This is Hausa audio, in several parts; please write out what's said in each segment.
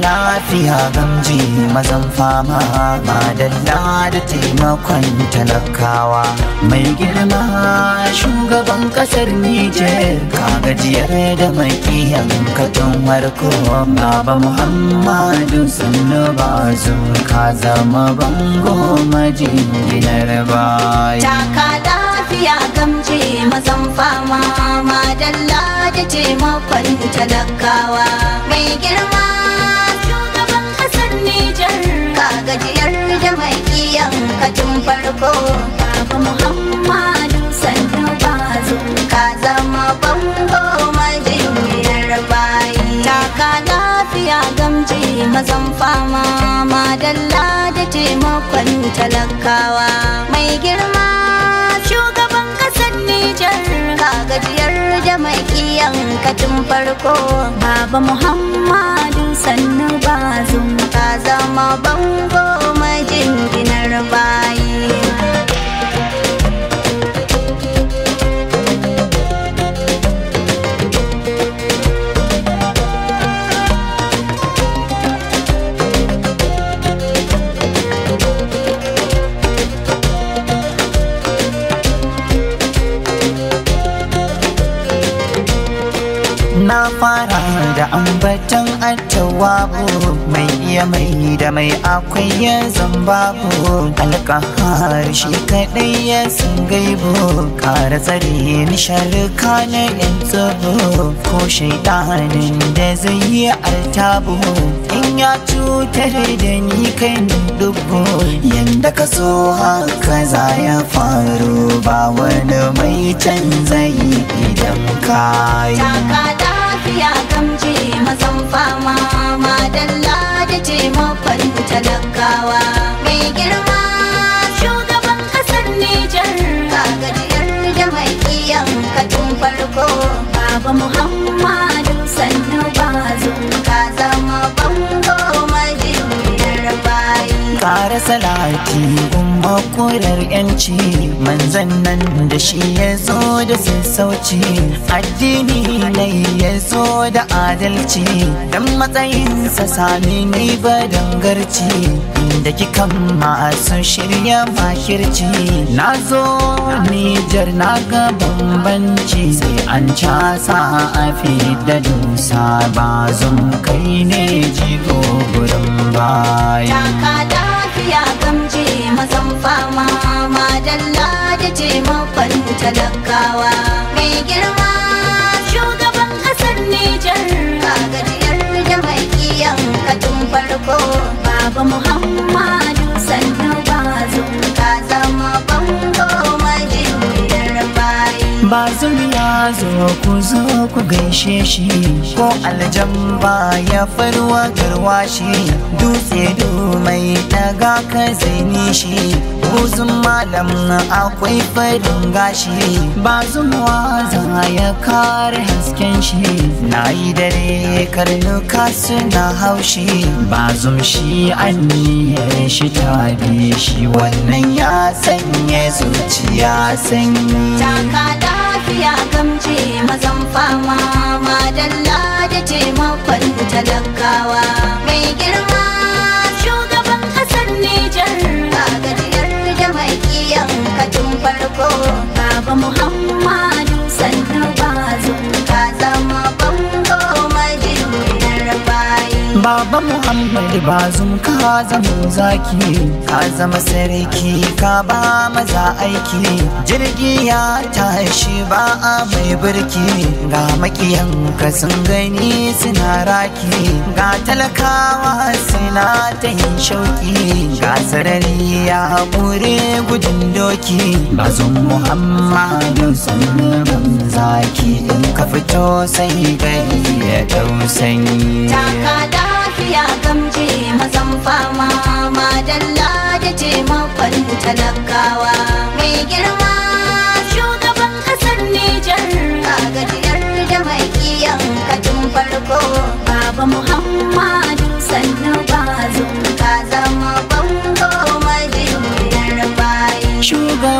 zauna gamji mazan fama ma da taimakon talakawa mai girma shugaban kasar Nijar ka gajiyar da makiyan katon warko baba Muhammadu sannu ba zu ka zama bango Majin, baya taka lafiya gamji mazan fama ma da taimakon talakawa mai girma gajiyar da mai kiyan katin farko Kafa Muhammadu sannu bazu ka zama bango majinyar bayi Taka lafiya gamji mazan fama madalla da taimakon talakawa mai girma shugaban ƙasar Nijar ka gajiyar da makiyan ka tun farko baba muhammadu sannu bazum ka zama bango majinginar bayi fara da ambatan atawabu mai iya mai da mai akwai ya zambabu alkahar shi kaɗai ya san gaibu kara tsare ni sharka na yan tsoro ko shaidanin da zai yi altabu in ya cutar da ni kai dubu yanda ka so haka za ya faru ba wani mai canzayi idan ka yi ya gamje mazan fama dalla da taimakon talakawa mai girma shugaban kasar Nijar kagajiyar da mai iyan katun farko Baba Muhammadu sannu bazu ka zama bango majiyar bayi. Kara salati makurar yanci manzan nan da shi ya zo da sassauci addini ne ya zo da adalci dan matsayinsa sami ne ba dangarci da kikan masu shirya makirci na zo nijar na ga bambanci sai an casa a fi da dusa ba zan kai ne jigo gurin baya mazan fama madalla da ta talakawa mai girma shugaban kasar Nijar gajiyar da katun farko baba Muhammadu sannu ba ka zama bango ba ya zo ku zo ku gaishe shi ko aljamba ya farwa garwashi. dutse du mai daga ka zaini shi buzun malam na akwai farin gashi ba za ya kare hasken shi na yi dare karnuka suna haushi ba zum shi anniya shi ta bi shi wannan ya sanya zuciya sanyi taka lafiya gamce mazan fama madalla da ce mafan talaka baba muhammad bazum ka zama zaki ka zama sarki ka ba maza aiki jirgi ya tashi ba a mai birki ga makiyan ka sun gani suna raki ga talakawa suna ta yin shauki ga sarari ya hakuri gudun doki bazum muhammad sun zaki in ka fito sai gari ya dau sanyi lafiya gamje mazan fama madalla da taimakon talakawa mai girma shugaban kasar Nijar ka gajiyar da mai kiyan katin farko Baba Muhammad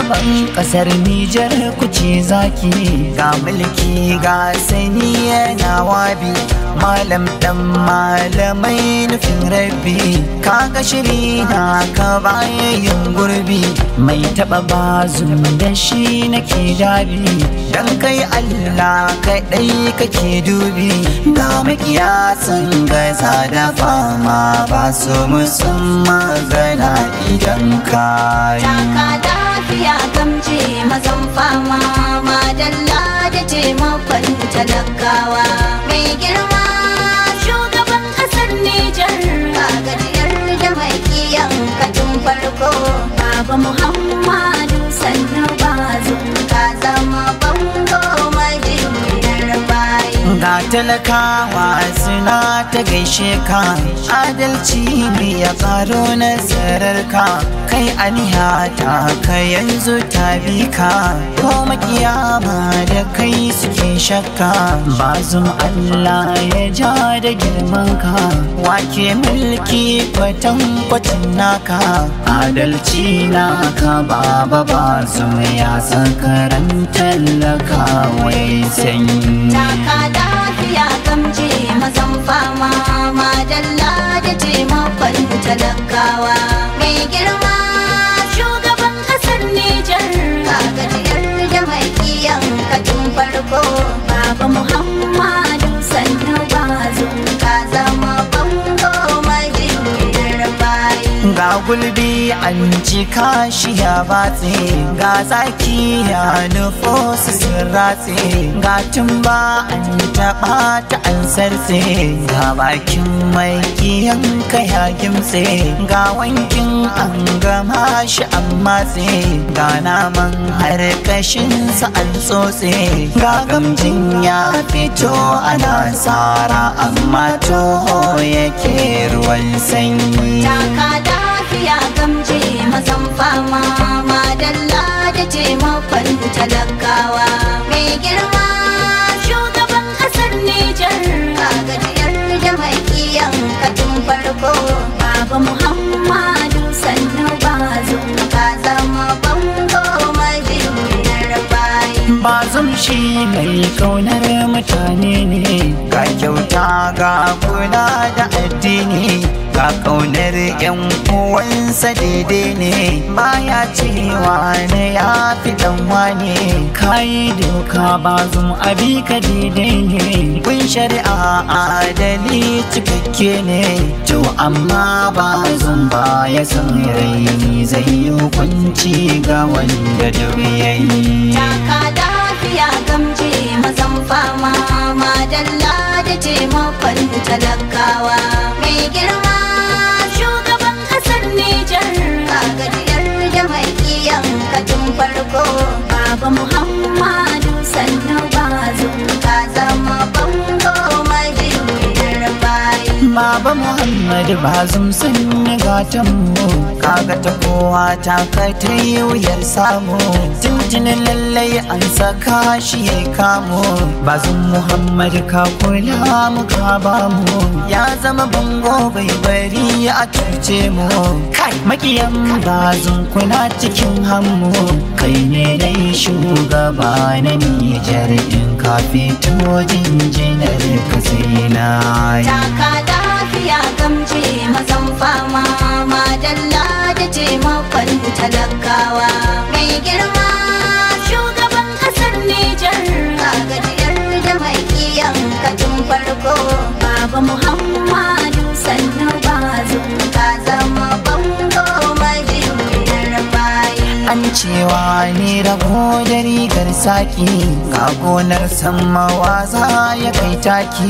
ban kasar Nijar kuce zaki ga mulki ga sani yana wabi Malam dan malamai nufin rabi kaga shiri na ka bayan gurbi mai taba bazu da shi nake dabi dan kai Allah kaɗai kake dubi ga makiya sun gaza da fama ba su musamman magana idan ka yi lafiya gamje mazan fama madalla da taimakon talakawa mai girma shugaban kasar Nijar gajiyar da mai kiyan katin farko baba Muhammadu sannu bazum ka zama bango ga talakawa suna ta gaishe ka adalci ne ya karo nasarar ka kai anihata ka yanzu ta bi ka ko makiyama da kai suke shakka Ba zum Allah ya ja da girman ka wake mulki kwatan kwatan naka adalci naka baba zum ya san karan tallaka wai sanyi gulbi an ci shi ya batse ga zaki ya nufo su sun ratse ga tumba an taɓa ta an sarse ga bakin mai kiyanka ya gimse ga wankin an gama shi an matse ga naman har kashinsa an tsotse ga gamjin ya fito ana sara amma toho yake ruwan sanyi ya gamje mazan fama madalla da mafan talakawa mai girma shi mai kaunar mutane ne ga kyauta ga kula da addini ga kaunar yan uwansa daidai ne baya cewa na ya fi dan wane kayi doka ba zum abi ka daidai ne kun shari'a adali cikakke ne to amma ba zum ba ya san rai zai yi hukunci ga wanda duk yi. ya gamje mazan fama dalla da taimakon talakawa mai girma shugaban kasar Nijar kagadiyar da mai kiyan kajin farko Baba Muhammad Muhammadu Bazum sun ni gatan mu kaga ta kowa ta kai ta yi wuyar samu tuntunin lallai an saka shi ya kamo Bazum Muhammadu ka kula mu ka ba mu ya zama bango bai bari a cuce mu kai makiyan Bazum kuna cikin hannu kai ne dai shugaba na Nijar in ka fito jinjinar ka sai ya gamje mazan fama madalla da taimakon talakawa mai girma shugaban kasar Nijar gajiyar da mai kiyan kajin farko baba Muhammadu sannu ba ka zama cewa ne rago da rigar saki ga gonar sammawa za ya kai taki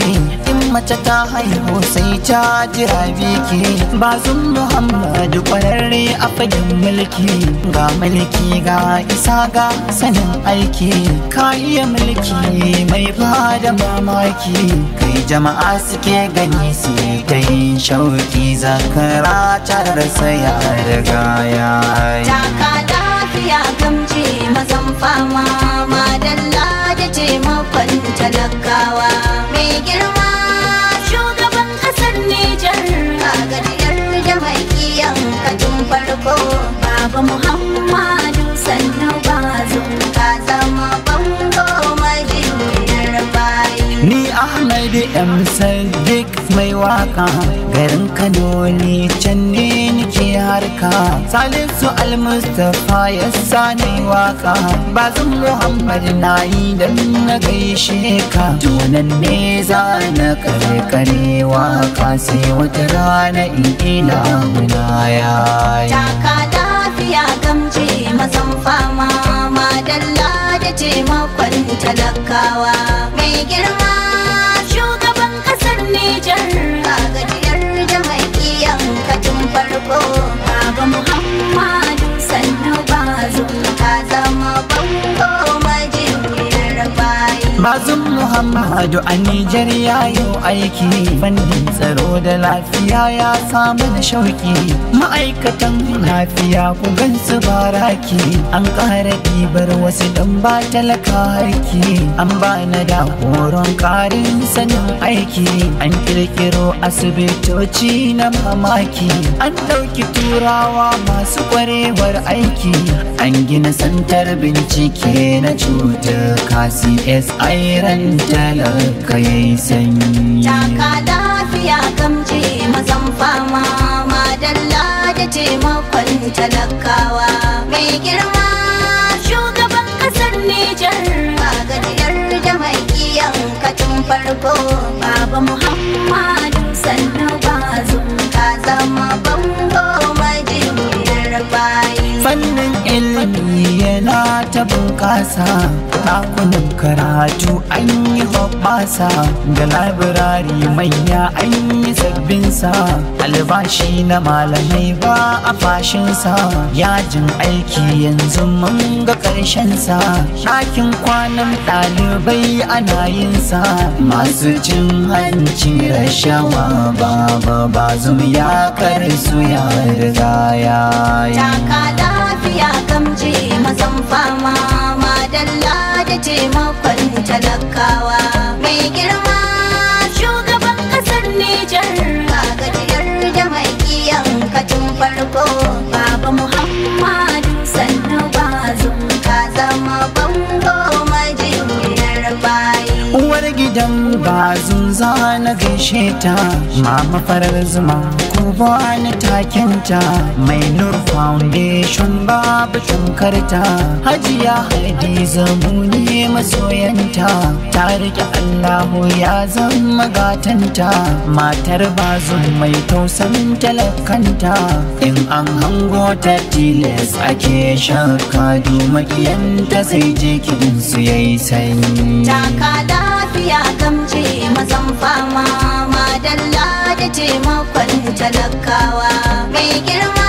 in mace ta haihu sai ta jira biki Ba sun muhammadu kwararre a fagen mulki ga mulki ga isa ga sanin aiki ka iya mulki mai bada mamaki kai jama'a suke gani su ta yi shauki zakara ta rasa ya riga ya gamji mazan fama madalla da kwanta talakawa mai girma shugaban kasar Nijar gajiyar da mai kiyan kajin farko baba Muhammadu sannu bazu ka zama bango majinyar bayi ni Ahmadu M Sadiq mai waka garin Kano ne can ne harka salisu almustapha ya sani waka bazin muhammad na yi don na gaishe ka tunan ne za na kare kare waka sai wata rana in ila muna yi. taka lafiya gamje mazan fama madalla da taimakon talakawa mai girma shugaban kasar Nijar kagaji ka tun farko Baba Muhammadu sannu ba ka zama bango ba bayi Muhammadu a Nijar ya aiki bandin tsaro da lafiya ya samu da shauki ma'aikatan lafiya ku su baraki an ƙara ɗibar wasu dan ba talaka harki an ba na da horon ƙarin sanin aiki an ƙirƙiro asibitoci na mamaki an ɗauki turawa masu ƙwarewar aiki an gina santar bincike na cutar kasi SIRAN talaka ya yi sanyi taka lafiya kamce mazan fama madalla da taimakon talakawa mai girma shugaban kasar nijar kaga da mai kiyan katun farko baba muhammadu sannu ba ka zama na ta bunƙasa ɗakunan karatu an yi hoɓɓasa da labirari manya an yi sabbinsa albashi na malamai ba a fashinsa yajin aiki yanzu mun ga ƙarshensa ɗakin kwanan ɗalibai ana yinsa masu cin hanci rashawa ba ba zum ya karsu ya riga ya yi. fama madalla da taimakon talakawa mai girma shugaban kasar Nijar ka gajiyar da mai kiyan farko baba Muhammad ba za na gaishe ta mama farar zuma ku ba ni takinta mai nur foundation babu shankarta hajiya hadiza mu ne masoyanta ta rike allahu ya zama gatanta matar bazun mai tausan talakanta in an hango ta tilas ake shakka dumaki yanta sai jikin su yayi sanyi taka lafiya gamji zan fama madalla da taimakon talakawa mai girma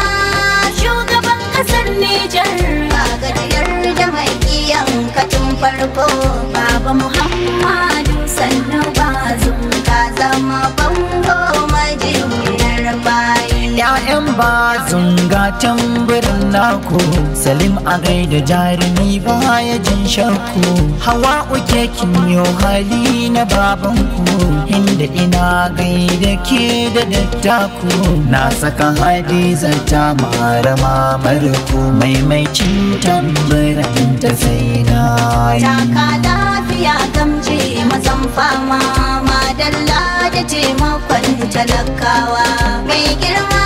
shugaban kasar Nijar ba gajiyar da mai kiyan katin farko baba Muhammadu sannu ba ka zama bango majinyar bayi 'ya'yan bazun ga tamburin naku salim a gaida jarumi baya jin shakku hawa uke kinyo hali na babanku inda ina gaida ke da dattaku na saka hadiza ta mara mamarku maimaicin tamburin ta sai na yi. taka lafiya gamje mazan fama madalla da makon talakawa mai girma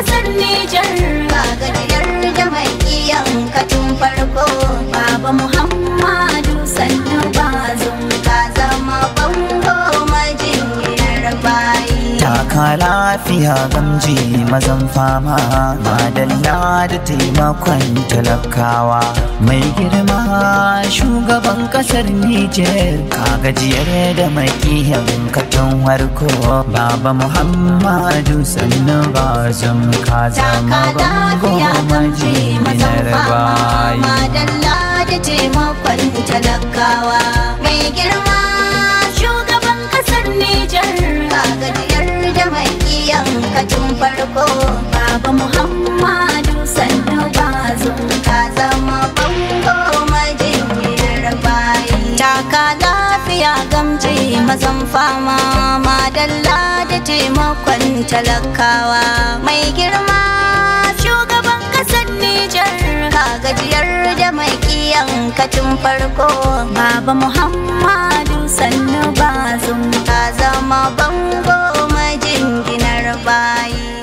kasar Nijar. Ba gajiyar da mai iyan ka tun farko, Baba Muhammad. ta lafiya gamji mazan fama madalla da taimakon talakawa mai girma shugaban kasar niger ka gajiyar da makiyan katon harko baba muhammadu sannan ba zan ka zama ba gwamnati minar bayi madalla da taimakon talakawa mai girma shugaban kasar niger ka tun farko baba muhammadu sannu bazum ka zama bango majinyar bayi taka lafiya gamji mazan fama madalla da taimakon talakawa mai girma shugaban kasar nijar gajiyar da mai kiyan kacin farko baba muhammadu sannu ba sun ka zama bango majinginar bayi